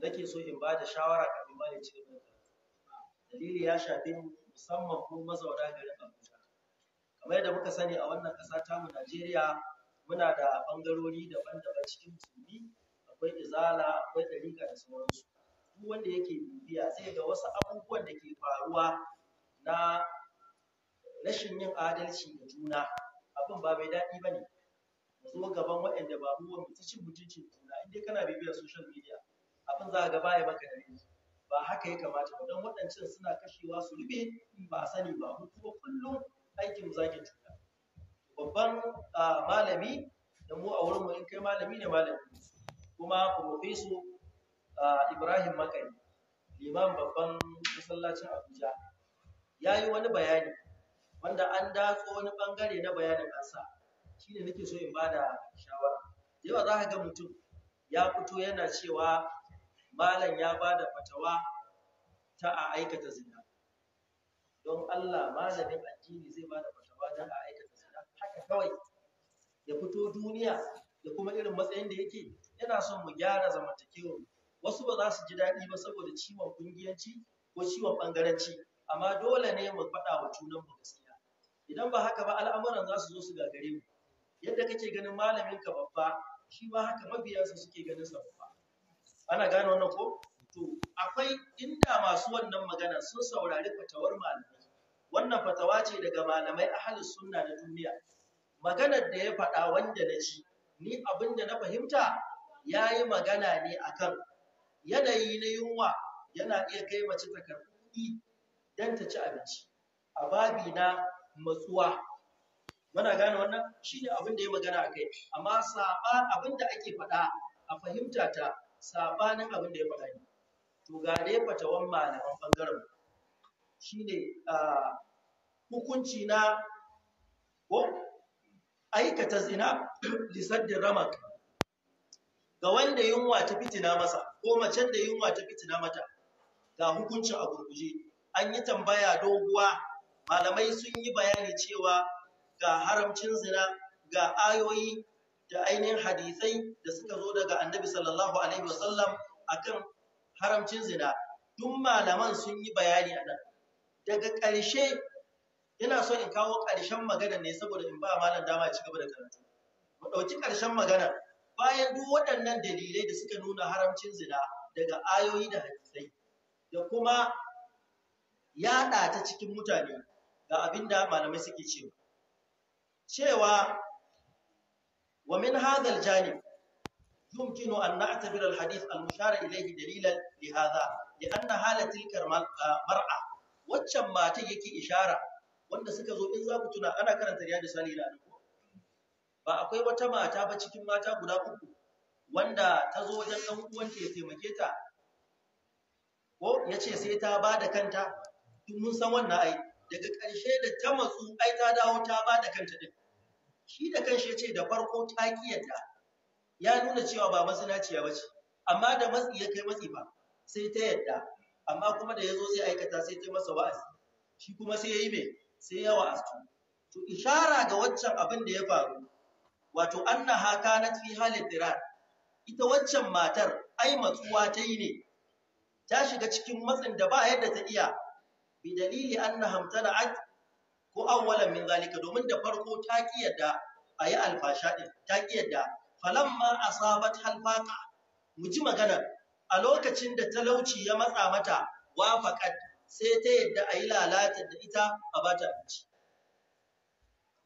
nake so in ba da shawara kafin ba da cikin da dalili ya shafi musamman ko mazauna garin Abuja kamar yadda muka sani a wannan ƙasa mu Najeriya muna da ɓangarori daban-daban cikin musulmi akwai izala akwai ɗariƙa da sauransu duk wanda yake bibiya sai ga wasu abubuwan da ke faruwa na rashin yin adalci da juna abin ba mai daɗi ba ne zo gaban waɗanda ba mu wani ta mutuncin juna in dai kana bibiyar social media abin za a gaba ya maka da rinji ba haka ya kamata ba don waɗancan suna kashewa su rufe ba sani ba mu kuma kullum aikin zagin cuta babban malami da mu a wurinmu in kai malami ne malami kuma profeso ibrahim makari liman babban masallacin abuja ya yi wani bayani wanda an datso wani bangare na bayanin kansa shine nake so in bada shawara yawa za ka ga mutum ya fito yana cewa malam ya ba da fatawa ta a aikata zina don Allah malamin addini zai ba da fatawa ta a aikata zina haka kawai ya fito duniya da kuma irin matsayin da yake yana son mu gyara zamantakewar wasu ba za su ji daɗi ba saboda ciwon kungiyanci ko ciwon ɓangaranci amma dole ne mu faɗa wa junanmu gaskiya idan ba haka ba al'amuran za su zo su gagare mu yadda kake ganin malamin ka babba shi ba haka mabiyansa suke ganin sa babba ana gane wannan ko to akwai inda masu wannan magana sun saurari fatawar malamai wannan fatawa ce daga malamai a halin sunna na duniya maganar da ya faɗa wanda na ji ni abin da na fahimta ya yi magana ne kan yanayi na yunwa yana iya kai mace ta karɓi don ta ci abinci a babi na matsuwa muna gane wannan ne abin da ya magana a kai amma saba abin da ake faɗa a fahimta ta sabanin abin da ya faɗa ne to ga dai fatawan malaman bangaren shine hukunci na ko aikata zina da ramak ga wanda yunwa ta fitina masa ko macen da yunwa ta fitina mata ga hukuncin a gurguje an yi tambaya doguwa malamai sun yi bayani cewa ga haramcin zina ga ayoyi da ainihin hadisai da suka zo daga annabi sallallahu alaihi wasallam akan haramcin zina duk malaman sun yi bayani a nan daga ƙarshe ina so in kawo ƙarshen magana ne saboda in ba malam dama ci gaba da karatu mu ɗauki ƙarshen magana bayan duk waɗannan dalilai da suka nuna haramcin zina daga ayoyi da hadisai da kuma yaɗa ta cikin mutane ga abin da malamai suke cewa cewa ومن هذا الجانب يمكن أن نعتبر الحديث المشار إليه دليلا لهذا لأن حالة تلك المرأة waccan mata yake ishara wanda suka zo in za ku tuna ana karanta riyadu salih da annabi ba akwai wata mata ba cikin mata guda uku wanda ta zo wajen dan uwanta ya taimake ta ko ya ce sai ta ba da kanta duk mun san wannan ai daga ƙarshe da ta matsu ai ta dawo ta ba da kanta din shi da kanshi ya ce da farko ta ya nuna cewa ba masinaciya ba ce amma da matsi ya kai matsi ba sai ta yadda amma kuma da ya zo zai aikata sai ta masa wa'azi shi kuma sai ya yi mai sai ya wa'azi to ishara ga waccan abin da ya faru wato annaha kana fi halin dirar ita waccan matar ai matsuwa ta yi ne ta shiga cikin matsin da ba yadda ta iya bi dalili anna hamtana'at ko awwalan min zalika domin da farko ta kiyarda a yi alfasha ɗin ta kiyarda falamma asabat halfaqa mu ji magana a lokacin da talauci ya matsa mata wafaqat sai ta yadda ayi lalata da ita a bata abinci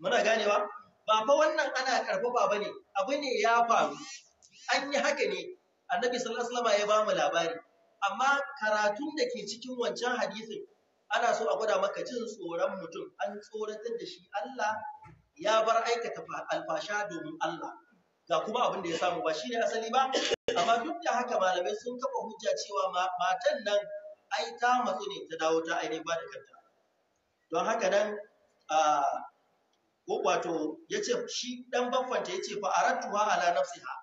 muna ganewa ba fa wannan ana karfafa bane abu ne ya faru an yi haka ne annabi sallallahu alaihi wasallam ya ba mu labari amma karatun da ke cikin wancan hadisin ana so a gwada maka jin tsoron mutum an tsoratar da shi Allah ya bar aikata alfasha domin Allah ga kuma abin da ya samu ba shi ne asali ba amma duk da haka malamai sun kafa hujja cewa matan nan ai ta matsu ne ta dawo ta ainihin ba da kanta don haka nan a wato yace shi dan baffanta yace fa aratuha ala nafsiha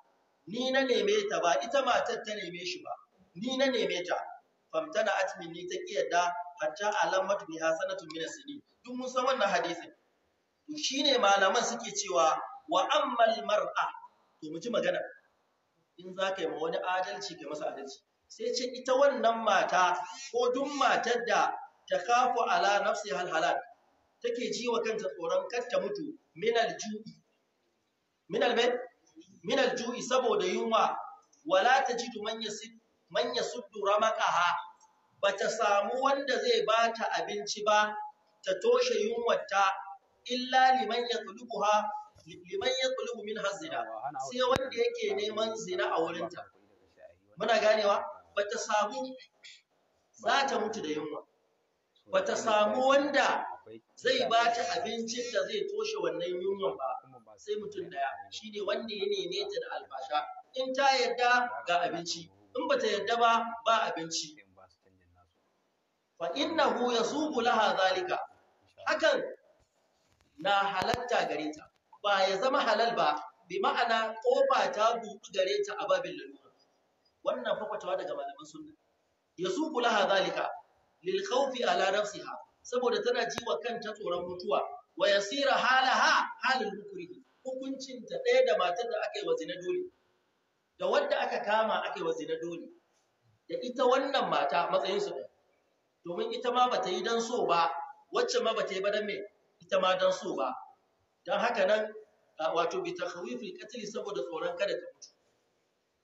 ni na neme ta ba ita matar ta neme shi ba ni na neme ta famtana atmin ni ta kiyarda hatta alamatu biha sanatun min as duk mun san wannan hadisi to shine malaman suke cewa wa ammal mar'a to mu magana in za ka yi ma wani adalci ka masa adalci sai ce ita wannan mata ko duk matar da ta kafu ala nafsi halhalat take ji wa kanta tsoron kar ta mutu minal ju'i min al ju'i saboda yunwa wala tajidu man yasud man yasuddu ramaqaha ba ta samu wanda zai ba ta abinci ba ta toshe yunwata illa liman ya tulubuha liman ya tulubu min hazina sai wanda yake neman zina a wurinta muna ganewa ba ta samu za ta mutu da yunwa ba ta samu wanda zai ba ta abincin da zai toshe wannan yunwa ba sai mutum daya shi ne wanda ya neme ta da albasha in ta yadda ga abinci in ba ta yadda ba ba abinci fa innahu yasubu laha zalika hakan na halatta gare ta ba ya zama halal ba bi ma'ana kofa ta buɗu gare ta a babin lalura wannan fafatawa daga malaman sunna yasubu laha zalika lil khawfi ala nafsiha saboda tana ji wa kanta tsoron mutuwa wa yasira halaha halil mukrihi hukuncin ta ɗaya da matar da aka yi wa zina dole da wanda aka kama aka yi wa zina dole da ita wannan mata matsayin su ɗaya domin ita ma bata yi dan so ba wacce ma bata yi ba dan me ita ma dan so ba dan haka nan wato bi takhawifil qatl saboda tsoron kada ta mutu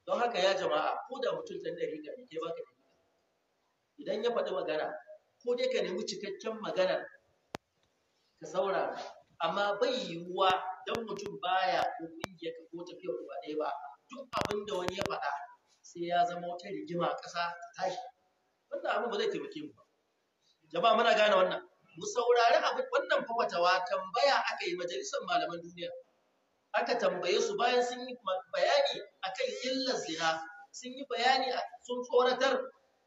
don haka ya jama'a ko da mutum da dari ga ke baka riga. idan ya faɗi magana ko dai ka nemi cikakken magana ka saurara amma bai yiwuwa dan mutum baya ko kungiyar ka ko tafiya ko ba ɗaya ba duk abin da wani ya faɗa sai ya zama wata rigima ƙasa ta tashi wannan abin ba zai taimake mu ba jama'a muna gane wannan mu saurari abin wannan fafatawa tambaya aka yi majalisar malaman duniya aka tambaye su bayan sun yi bayani akan illar zina sun yi bayani sun tsoratar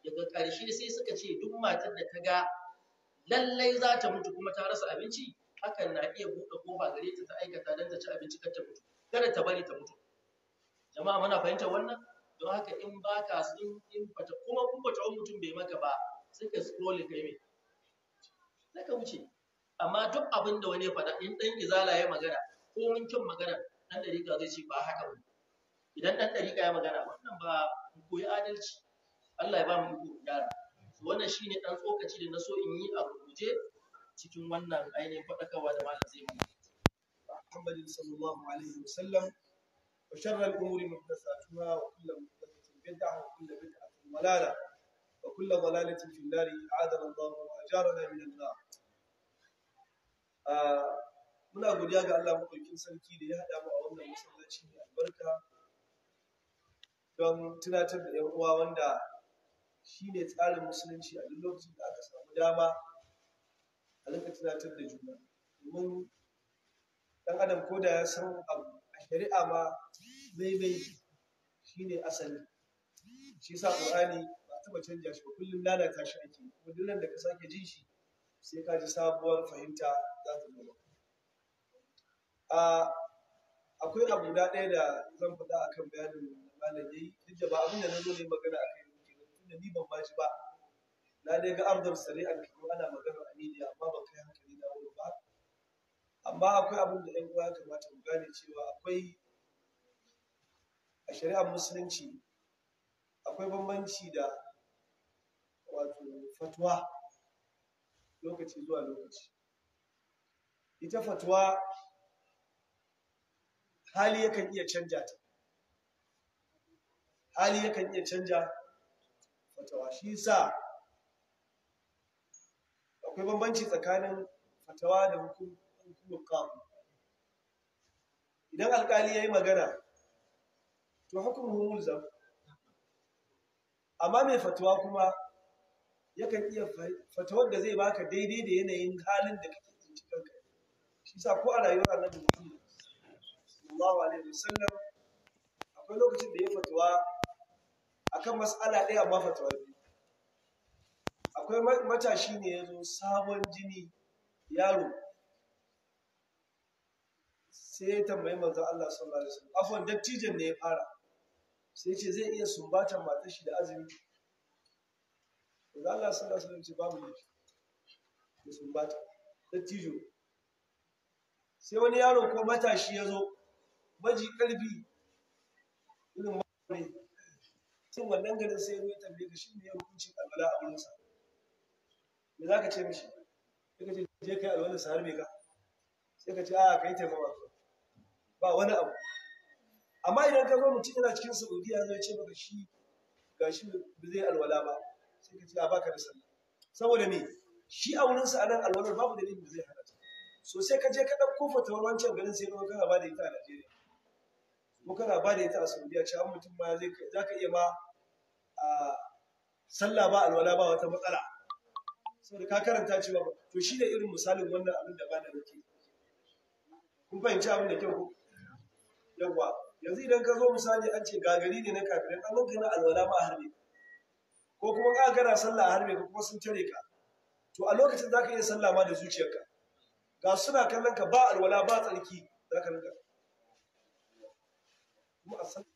daga ƙarshe sai suka ce duk matar da ta ga lallai za ta mutu kuma ta rasa abinci hakan na iya buɗe kofa gare ta ta aikata don ta ci abinci kar ta mutu kada ta bari ta mutu jama'a muna fahimtar wannan don haka in ba ka sun in fata kuma kun fata mutum bai maka ba sai ka scroll kai mai daga wuce amma duk abin da wani ya faɗa in ɗan izala ya magana ko mun kin magana ɗan ɗariƙa zai ce ba haka ba idan ɗan ɗariƙa ya magana wannan ba mu koyi adalci Allah ya ba mu iko gyara wannan ne ɗan tsokaci da na so in yi a rubuce cikin wannan ainihin faɗakawa da malam zai mana Muhammadin sallallahu alaihi wa sallam wa sharral umuri muhdathatuha wa kullu muhdathatin bid'ah wa kullu bid'atin dalalah wa kullu dalalatin fi an-nar a'adana Allahu jarana min Allah ah, muna godiya ga Allah madaukakin sarki da ya haɗa mu a wannan masallaci mai albarka don tunatar da 'yan uwa wanda shine tsarin musulunci a duk lokacin da aka samu dama a rinka tunatar da juna domin ɗan adam ko da ya san abu a shari'a ma zai bai shine asali shi sa qur'ani taɓa canja shi ba kullum lalata shi ake kuma duk nan da ka sake jin shi sai ka ji sabuwar fahimta za ta zo akwai abu guda ɗaya da zan faɗa akan bayanin malam yayi duk da ba abin da na zo ne magana a kai ne tunda ni ban baji ba na dai ga ardar sari'ar kuma ana magana a media amma ban kai hankali na wurin ba amma akwai abin da 'yan uwa ya kamata mu gane cewa akwai a shari'ar musulunci akwai bambanci da fatuwa lokaci zuwa lokaci ita fatuwa hali yakan iya canja ta hali yakan iya canja fatawa shi sa akwai bambanci tsakanin fatawa da hukumar kamu idan alkali ya yi magana to hukumar mulzam amma mai fatawa kuma yakan iya fatawar da zai baka daidai da yanayin halin da kake cikin kanka shi sa ko a rayuwar annabi Muhammad sallallahu alaihi wasallam akwai lokacin da ya fatawa akan mas'ala ɗaya amma fatawa biyu akwai matashi ne ya zo sabon jini yaro sai ya tambayi manzon Allah sallallahu alaihi wasallam afwan dattijan ne ya fara sai ce zai iya sumbatar matar shi da azumi da Allah sallallahu alaihi wasallam ce babu laifi da sumbata dattijo sai wani yaro ko matashi ya zo maji ƙarfi irin wani sun wannan garin sai ya tambaye ka shi ne ya hukunci alwala a wurinsa me za ka ce mishi sai ka ce je kai alwala sa har me ka sai ka ce a kai taimawa ba wani abu amma idan ka zo mutum yana cikin saudiya zai ce maka shi gashi ba zai alwala ba sai ce a baka da sallah saboda me shi a wurinsa a nan alwalar babu dalilin da zai hana ta so sai ka je ka ɗauko fatawar wancan garin sai kuma kana ba da ita a Najeriya ko kana ba da ita a Saudiya cewa mutum ma zai za ka iya ma a sallah ba alwala ba wata matsala saboda ka karanta cewa ba, to shi ne irin misalin wannan abin da ba da nake kun fahimci abin da kyau ko yawwa yanzu idan ka zo misali an ce gagari ne na kafirai an ganka na alwala ma harbe ko kuma ka kana sallah a harbe ka kuma sun tare ka to a lokacin za ka iya sallah ma da zuciyarka ga suna kallon ka ba alwala ba tsarki za ka rinka kuma a san